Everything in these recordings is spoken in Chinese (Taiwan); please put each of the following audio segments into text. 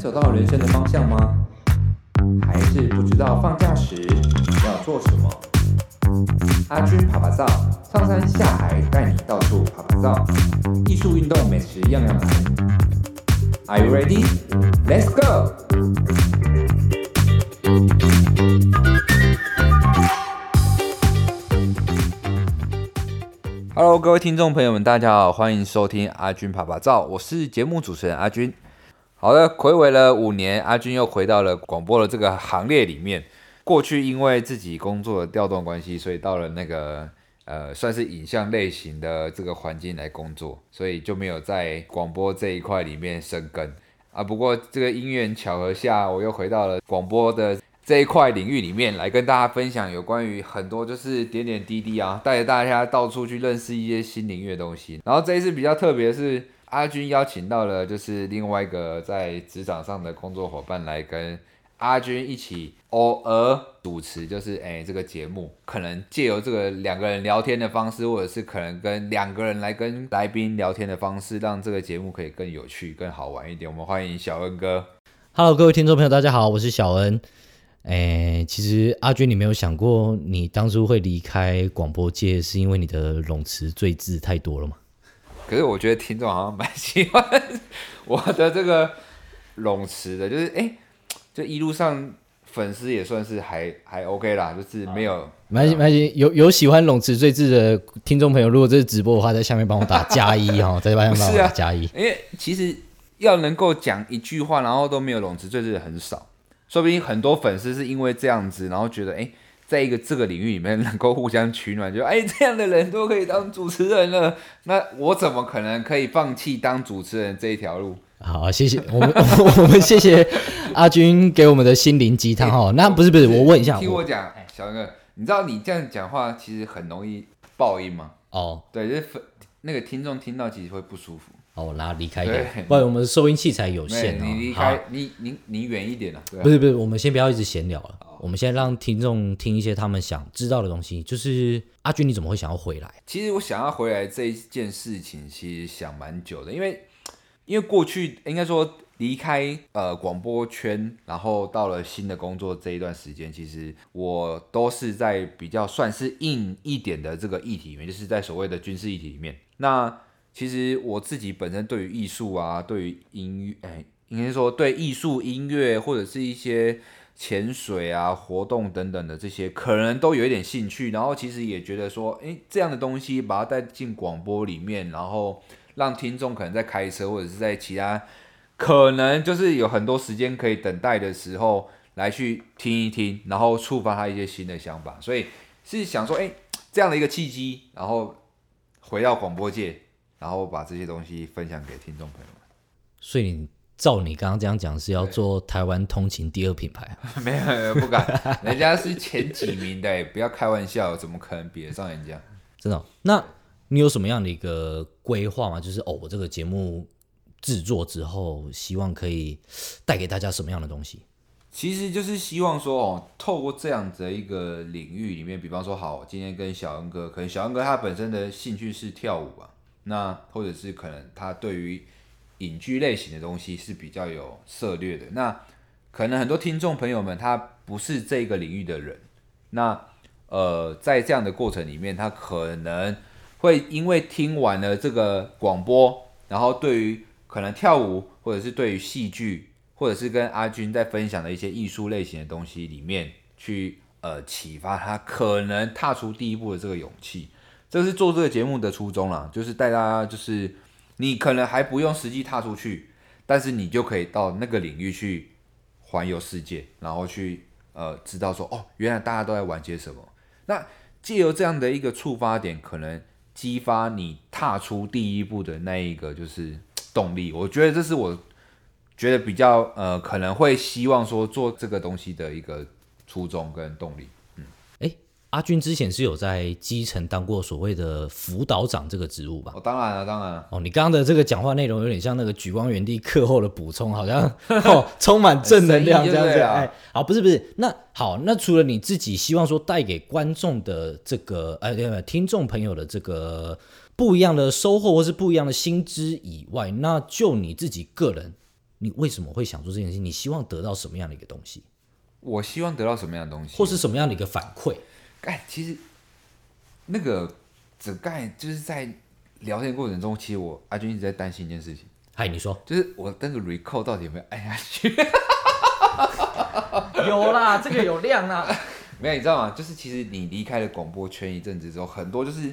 走到人生的方向嗎？還是不知道放假時要做什麼？阿軍趴趴走，上山下海帶你到處趴趴走，藝術、運動、美食樣樣行。Are you ready? Let's go! Hello，各位聽眾朋友們，大家好，歡迎收聽阿軍趴趴走，我是節目主持人阿軍。好的，睽違了五年，阿軍又回到了廣播的這個行列裡面。過去因為自己工作的調動關係，所以到了那個呃，算是影像類型的這個環境來工作，所以就沒有在廣播這一塊裡面深耕啊。不過這個因緣巧合下，我又回到了廣播的這一塊領域裡面來跟大家分享有關於很多就是點點滴滴啊，帶着大家到處去認識一些新領域的東西。然後這一次比較特別是。阿軍邀請到了，就是另外一個在職場上的工作夥伴來跟阿軍一起偶爾主持，就是哎、欸，這個節目可能借由這個兩個人聊天的方式，或者是可能跟兩個人來跟來賓聊天的方式，讓這個節目可以更有趣、更好玩一點。我們歡迎小恩哥。Hello，各位聽眾朋友，大家好，我是小恩。哎、欸，其實阿軍，你沒有想過你當初會離開廣播界，是因為你的冗詞贅字太多了嗎？可是我覺得聽眾好像蠻喜歡我的這個冗詞的，就是哎、欸，就一路上粉絲也算是還還 OK 啦，就是沒有蠻、啊、有有喜歡冗詞贅字的聽眾朋友，如果這是直播的話，在下面幫我打加一 哦，在下面幫我打加一、啊，因為其實要能夠講一句話，然後都沒有冗詞贅字的很少，說不定很多粉絲是因為這樣子，然後覺得哎。欸在一個這個領域裡面，能夠互相取暖，就哎、欸，這樣的人都可以當主持人了，那我怎麼可能可以放棄當主持人這一條路？好、啊，謝謝我們， 我們謝謝阿軍給我們的心靈雞湯哦，那不是不是，哦、我問一下，聽我講，哎、欸，小哥，你知道你這樣講話其實很容易報應嗎？哦，對，就是那個聽眾聽到其實會不舒服。然後離開一點，對不然我們的收音器材有限啊。你離開，你你你遠好一點了，啊。啊，不是不是，我們先不要一直閒聊了，好我們先讓聽眾聽一些他們想知道的東西。就是阿軍，你怎麼會想要回來？其實我想要回來這一件事情，其實想蠻久的，因為因為過去應該說離開呃廣播圈，然後到了新的工作這一段時間，其實我都是在比較算是硬一點的這個議題裡面，就是在所謂的軍事議題裡面。那其實我自己本身對於藝術啊，對於音樂，哎，應該說對藝術、音樂或者是一些潛水啊活動等等的這些，可能都有一點興趣。然後其實也覺得說，哎，這樣的東西把它帶進廣播裡面，然後讓聽眾可能在開車或者是在其他可能就是有很多時間可以等待的時候來去聽一聽，然後觸發他一些新的想法。所以是想說，哎，這樣的一個契機，然後回到廣播界。然後把這些東西分享給聽眾朋友們，所以你照你剛剛這樣講，是要做台灣通勤第二品牌，啊對 沒？沒有，不敢，人家是前幾名的，欸，不要開玩笑，怎 麼可能比得上人家？真的，哦？那你有什麼樣的一個規劃嗎？就是哦，我這個節目制作之後，希望可以帶給大家什麼樣的東西？其實就是希望說哦，透過這樣子的一個領域裡面，比方說，好，我今天跟小恩哥，可能小恩哥他本身的興趣是跳舞吧。那或者是可能他對於影劇類型的東西是比較有涉獵的。那可能很多聽眾朋友們他不是這個領域的人，那呃在這樣的過程裡面，他可能會因為聽完了這個廣播，然後對於可能跳舞或者是對於戲劇，或者是跟阿軍在分享的一些藝術類型的東西裡面去呃啟發他，可能踏出第一步的這個勇氣。這是做這個節目的初衷啦，啊，就是帶大家，就是你可能還不用實際踏出去，但是你就可以到那個領域去環遊世界，然後去呃知道說哦，原來大家都在玩些什麼。那借由這樣的一個觸發點，可能激發你踏出第一步的那一個就是動力。我覺得這是我覺得比較呃可能會希望說做這個東西的一個初衷跟動力。阿軍之前是有在基層當過所謂的輔導長這個職務吧？哦，當然了，當然了。哦，你剛剛的這個講話內容有點像那個莒光園地課後的補充，好像、 哦、充滿正能量這樣子。啊、哎，好，不是不是，那好，那除了你自己希望說帶給觀眾的這個、哎對對，聽眾朋友的這個不一樣的收穫或是不一樣的新知以外，那就你自己個人，你為什麼會想做這件事情？你希望得到什麼樣的一個東西？我希望得到什麼樣的東西？或是什麼樣的一個反饋？哎，其實那個，只蓋就是在聊天過程中，其實我阿軍一直在擔心一件事情。嗨，你說，就是我那個 record 到底有沒有按下去？ 有啦，這個有量啦。 沒有，你知道嗎？就是其實你離開了廣播圈一陣子之後，很多就是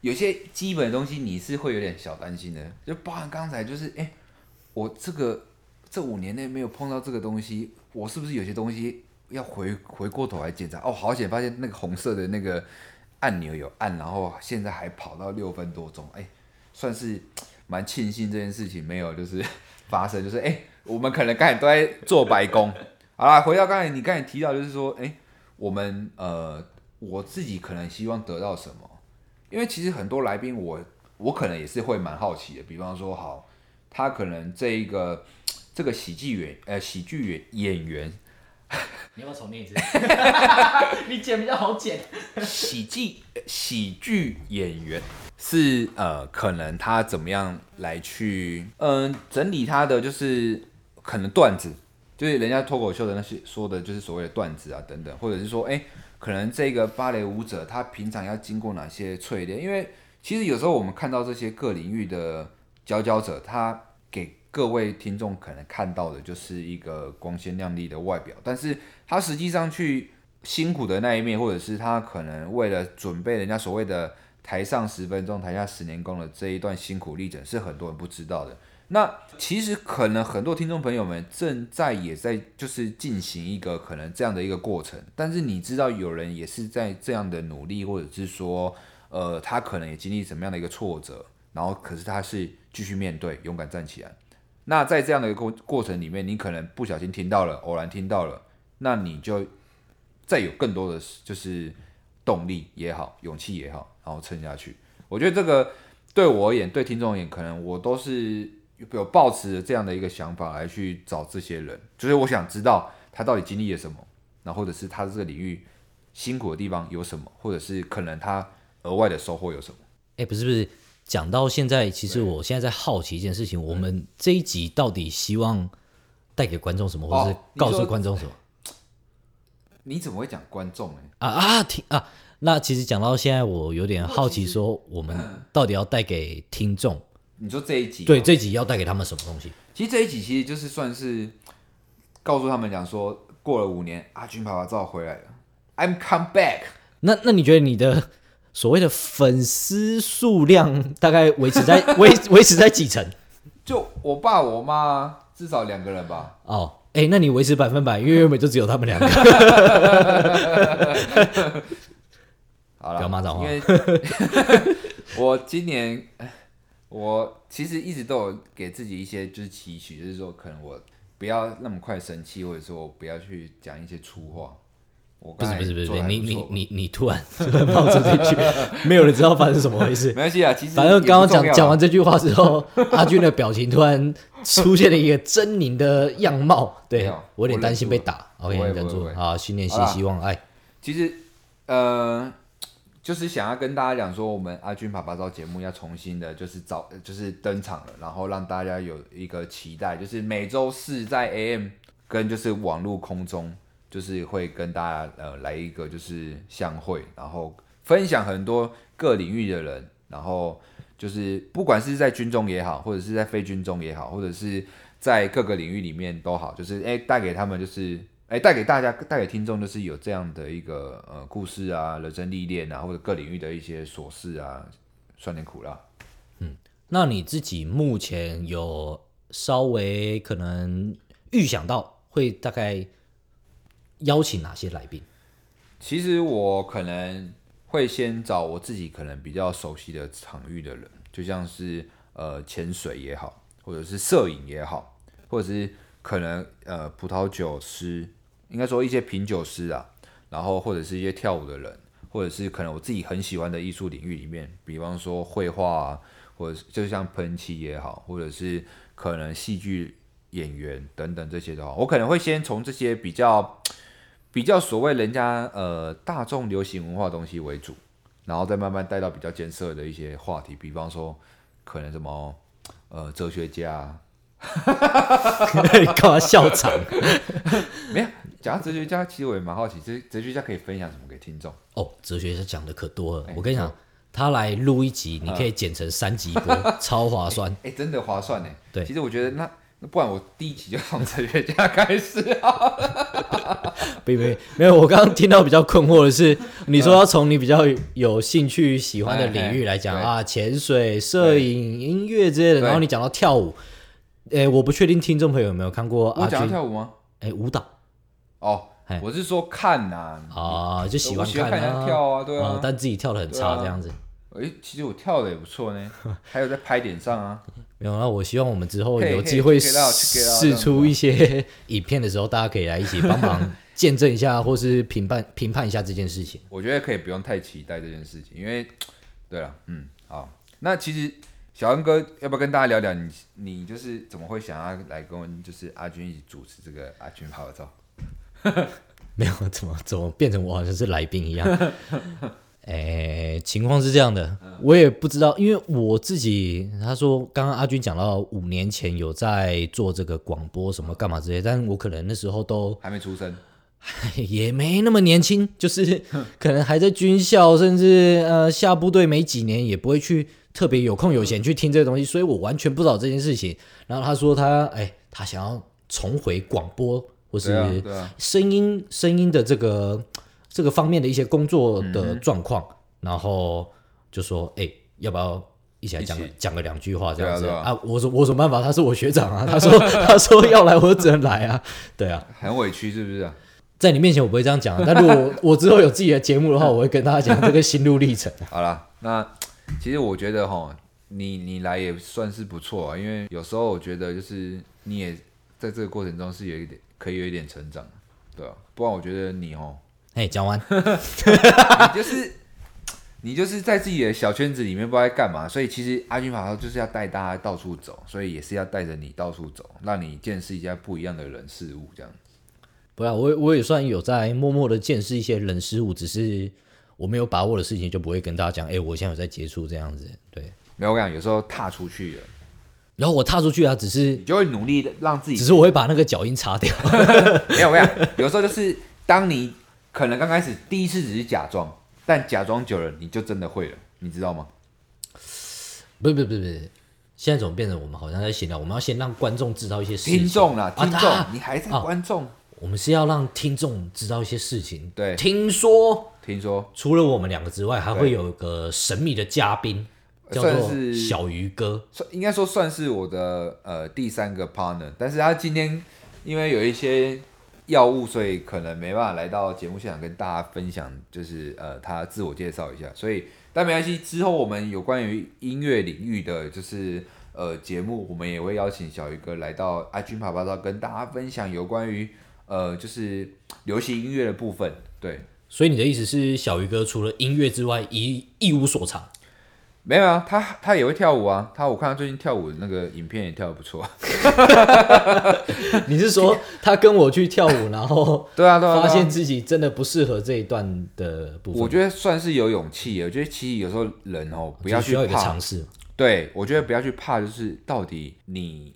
有些基本的東西，你是會有點小擔心的，就包含剛才就是，哎、欸，我這個這五年內沒有碰到這個東西，我是不是有些東西？要回，回過頭來檢查哦，好險！發現那個紅色的那個按鈕有按，然後現在還跑到六分多鐘，哎、欸，算是蠻慶幸這件事情沒有就是發生，就是哎、欸，我們可能剛才都在做白工。 好啦，回到剛才你剛才提到，就是說哎、欸，我們呃，我自己可能希望得到什麼？因為其實很多來賓，我我可能也是會蠻好奇的，比方說，好，他可能這一個這個喜劇演呃喜劇演演員。你要從哪一次？ 你剪比較好剪 喜劇。喜劇喜劇演員是呃，可能他怎麼樣來去嗯、呃、整理他的就是可能段子，就是人家脫口秀的那些說的就是所謂的段子啊等等，或者是說哎、欸，可能這個芭蕾舞者他平常要經過哪些淬煉？因為其實有時候我們看到這些各領域的佼佼者，他給。各位聽眾可能看到的就是一個光鮮亮麗的外表，但是他實際上去辛苦的那一面，或者是他可能為了準備人家所謂的台上十分鐘，台下十年功的這一段辛苦歷程，是很多人不知道的。那其實可能很多聽眾朋友們正在也在就是進行一個可能這樣的一個過程，但是你知道有人也是在這樣的努力，或者是說，呃，他可能也經歷什麼樣的一個挫折，然後可是他是繼續面對，勇敢站起來。那在這樣的一個過過程裡面，你可能不小心聽到了，偶然聽到了，那你就再有更多的就是動力也好，勇氣也好，然後撐下去。我覺得這個對我而言，對聽眾而言，可能我都是有抱持着這樣的一個想法來去找這些人，就是我想知道他到底經歷了什麼，然後或者是他這個領域辛苦的地方有什麼，或者是可能他額外的收穫有什麼？哎，不是不是。講到現在，其實我現在在好奇一件事情：對我們這一集到底希望帶給觀眾什麼，哦、或者是告訴說觀眾什麼？你怎麼會講觀眾呢？啊啊，聽啊！那其實講到現在，我有點好奇，說我們到底要帶給聽眾？嗯、你說這一集？對，這一集要帶給他們什麼東西？其實這一集其實就是算是告訴他們，講說過了五年，阿、啊、軍爸爸照回來了，I'm come back 那。那那你覺得你的？所謂的粉絲數量大概維持在維維 持在幾成？就我爸我媽至少兩個人吧。哦，哎，那你維持百分百， 因為原本就只有他們兩個。 好了啦，不要罵髒話。我今年，我其實一直都有給自己一些就是期許，就是說可能我不要那麼快生氣，或者說我不要去講一些粗話。不是不是不是不是你你你你突然冒出這句，沒有人知道發生什麼回事。沒關係啊，其實反正剛剛講講完這句話之後，阿軍的表情突然出現了一個猙獰的樣貌，對，我有點擔心被打。OK，穩住好，訓練新希望。哎，其實呃，就是想要跟大家講說，我們阿軍爸爸照節目要重新的，就是找就是登場了，然後讓大家有一個期待，就是每週四在 AM 跟就是網絡空中，就是會跟大家呃來一個就是相會，然後分享很多各領域的人，然後就是不管是在軍中也好，或者是在非軍中也好，或者是在各個領域裡面都好，就是哎帶給他們，就是哎帶給大家、帶給聽眾，就是有這樣的一個呃故事啊、人生歷練啊，或者各領域的一些瑣事啊、酸甜苦辣。嗯，那你自己目前有稍微可能預想到會大概。邀請哪些來賓？其實我可能會先找我自己可能比較熟悉的場域的人，就像是呃潛水也好，或者是攝影也好，或者是可能呃葡萄酒師，應該說一些品酒師啊，然後或者是一些跳舞的人，或者是可能我自己很喜歡的藝術領域裡面，比方說繪畫啊，或者就像噴漆也好，或者是可能戲劇演員等等這些都好，我可能會先從這些比較。比較所謂人家呃大眾流行文化東西為主，然後再慢慢帶到比較艱澀的一些話題，比方說可能什麼呃哲學家，幹笑場？沒有，講到哲學家，其實我也蠻好奇，哲哲學家可以分享什麼給聽眾？哦，哲學家講的可多了，欸、我跟你講，我他來錄一集，呃、你可以剪成三集 超划算。哎、欸欸，真的划算呢？對，其實我覺得那。不然我第一集就從哲學家開始啊 不！不不沒有，我剛剛聽到比較困惑的是，你說要從你比較有興趣、喜歡的領域來講對啊，潛水、攝影、對音樂之類的，然後你講到跳舞，誒、欸，我不確定聽眾朋友有沒有看過？啊，講跳舞嗎？誒、欸，舞蹈。哦、oh, 欸，我是說看吶、啊。啊，就喜歡看人、啊、跳啊，對啊，啊但自己跳得很差這樣子。哎，其實我跳的也不錯呢，還有在拍點上啊， 沒有。那我希望我們之後有機會釋出一些影片的時候，大家可以來一起幫忙見證一下，或是評判評 判一下這件事情。我覺得可以不用太期待這件事情，因為，對了，嗯，好，那其實小恩哥要不要跟大家聊聊你？你就是怎麼會想要來跟就是阿軍一起主持這個阿軍拍的照？ 沒有，怎麼怎麼變成我好像是來賓一樣？ 哎、欸，情況是這樣的，我也不知道，因為我自己，他說剛剛阿軍講到五年前有在做這個廣播什麼幹嘛之類，但是我可能那時候都還沒出生，也沒那麼年輕，就是可能還在軍校， 甚至呃下部隊沒幾年，也不會去特別有空有閒去聽這個東西，所以我完全不知道這件事情。然後他說他哎、欸，他想要重回廣播或是聲音、啊啊、聲音的這個。這個方面的一些工作的狀況，嗯、哼然後就說：“哎、欸，要不要一起來講個起講個兩句話這樣子啊，啊，啊？”我說：“我什麼辦法？”他是我學長啊，他說：“他說要來我就只能來啊。”對啊，很委屈是不是啊？在你面前我不會這樣講、啊、 但如果我之後有自己的節目的話，我會跟大家講這個心路歷程。 好啦，那其實我覺得哈、哦，你你來也算是不錯啊，因為有時候我覺得就是你也在這個過程中是有一點可以有一點成長，對啊，不然我覺得你哦。哎，講完， 你就是你就是在自己的小圈子裡面不知道在幹嘛，所以其實阿軍法就是要帶大家到處走，所以也是要帶着你到處走，讓你見識一下不一樣的人事物這樣子。不要、啊，我我也算有在默默的見識一些人事物，只是我沒有把握的事情就不會跟大家講。哎、欸，我現在有在接觸這樣子，對，沒有，我跟你講，有時候踏出去了，然後我踏出去啊，只是就會努力的讓自己，只是我會把那個腳印擦掉， 沒有，沒有，有時候就是當你。可能剛開始第一次只是假裝，但假裝久了你就真的會了，你知道嗎？不不不不，現在怎麼變成我們好像在閒聊？我們要先讓觀眾知道一些事情。聽眾啦，聽眾，啊、你還在觀眾、啊啊啊？我們是要讓聽眾知道一些事情。對，聽說，聽說，除了我們兩個之外，還會有一個神秘的嘉賓，對叫做小魚哥算，應該說算是我的呃第三個 partner，但是他今天因為有一些。藥物，所以可能沒辦法來到節目現場跟大家分享，就是呃，他自我介紹一下。所以但沒關係，之後我們有關於音樂領域的，就是呃，節目我們也會邀請小魚哥來到阿軍爸爸道跟大家分享有關於呃，就是流行音樂的部分。對，所以你的意思是，小魚哥除了音樂之外，一一無所長？沒有啊，他他也會跳舞啊，他我看他最近跳舞的那個影片，也跳得不錯。 你是說他跟我去跳舞，然後 對啊，對啊，發現自己真的不適合這一段的部分。我覺得算是有勇氣。我覺得其實有時候人哦，不要去怕，需要一個嘗試。對我覺得不要去怕，就是到底你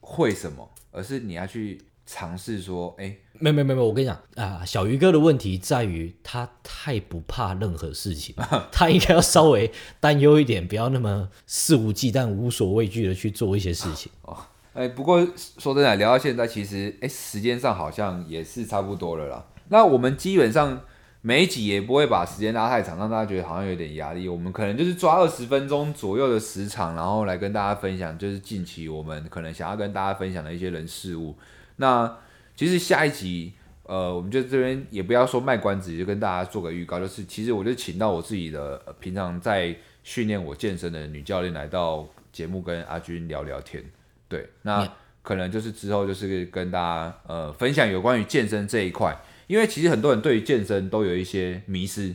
會什麼，而是你要去。嘗試說，哎、欸，沒沒沒沒，我跟你講啊，小魚哥的問題在於他太不怕任何事情，啊、他應該要稍微擔憂一點，不要那麼肆無忌憚、無所畏懼的去做一些事情。啊、哦，哎、欸，不過說真的，聊到現在，其實哎、欸，時間上好像也是差不多了啦。那我們基本上每一集也不會把時間拉太長，讓大家覺得好像有點壓力。我們可能就是抓二十分鐘左右的時長，然後來跟大家分享，就是近期我們可能想要跟大家分享的一些人事物。那其實下一集，呃，我們就這邊也不要說賣關子，就跟大家做個預告，就是其實我就請到我自己的平常在訓練我健身的女教練來到節目，跟阿軍聊聊天。對，那可能就是之後就是跟大家呃分享有關於健身這一塊，因為其實很多人對於健身都有一些迷思，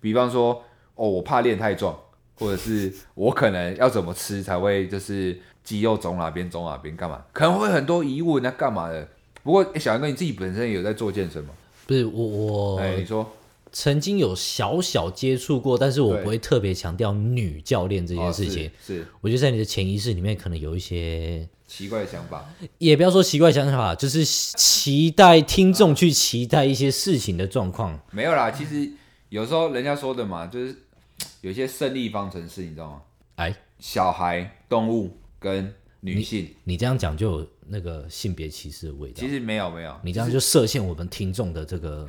比方說，哦，我怕練太壯。或者是我可能要怎麼吃才會就是肌肉腫哪邊腫哪邊幹嘛？可能會很多疑問，那幹嘛的？不過、欸、小恩哥，你自己本身有在做健身嗎？不是我，我，哎，欸，你說曾經有小小接觸過，但是我不會特別強調女教練這件事情。哦、是，是我覺得在你的潛意識裡面可能有一些奇怪的想法，也不要說奇怪想法，就是期待聽眾去期待一些事情的狀況。嗯、沒有啦，其實有時候人家說的嘛，就是。有一些勝利方程式，你知道嗎？哎唉，小孩、動物跟女性，你，你這樣講就有那個性別歧視的味道。其實沒有沒有，你這樣就設限我們聽眾的這個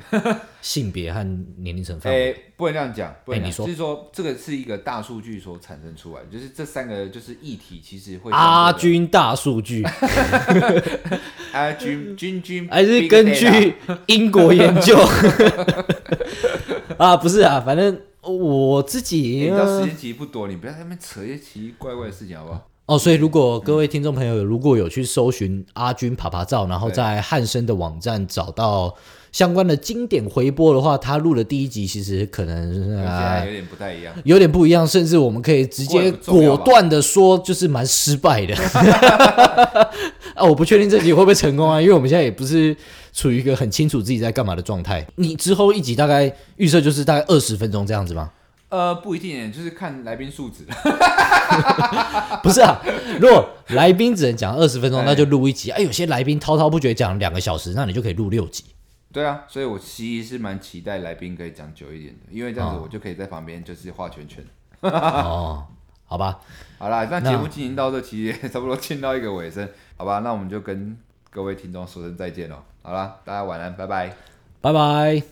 性別和年齡層範圍，哎，不能這樣講。哎，你說，是說這個是一個大數據所產生出來，就是這三個就是議題，其實會阿軍、啊、大數據，阿軍軍軍還是根據英國研究 啊，不是啊，反正。我自己，你到時間其實不多，你不要在那邊扯一些奇奇怪怪的事情，好不好？哦，所以如果各位聽眾朋友如果有去搜尋阿軍爬爬照，然後在漢生的網站找到。相關的經典回播的話，他錄的第一集，其實可能有點不太一樣，有點不一樣，甚至我們可以直接果斷的說，就是蠻失敗的。 啊，我不確定這集會不會成功啊，因為我們現在也不是處於一個很清楚自己在幹嘛的狀態。你之後一集大概預設就是大概二十分鐘這樣子嗎？呃，不一定，就是看來賓素質。 不是啊，如果來賓只能講二十分鐘，那就錄一集。哎、啊，有些來賓滔滔不絕講兩個小時，那你就可以錄六集。對啊，所以我其實是蠻期待來賓可以講久一點的，因為這樣子我就可以在旁邊就是畫圈圈。哈、哦 哦、好吧，好啦，那節目進行到這期差不多聽到一個尾聲，好吧，那我們就跟各位聽眾說聲再見嘍。好啦，大家晚安，拜拜，拜拜。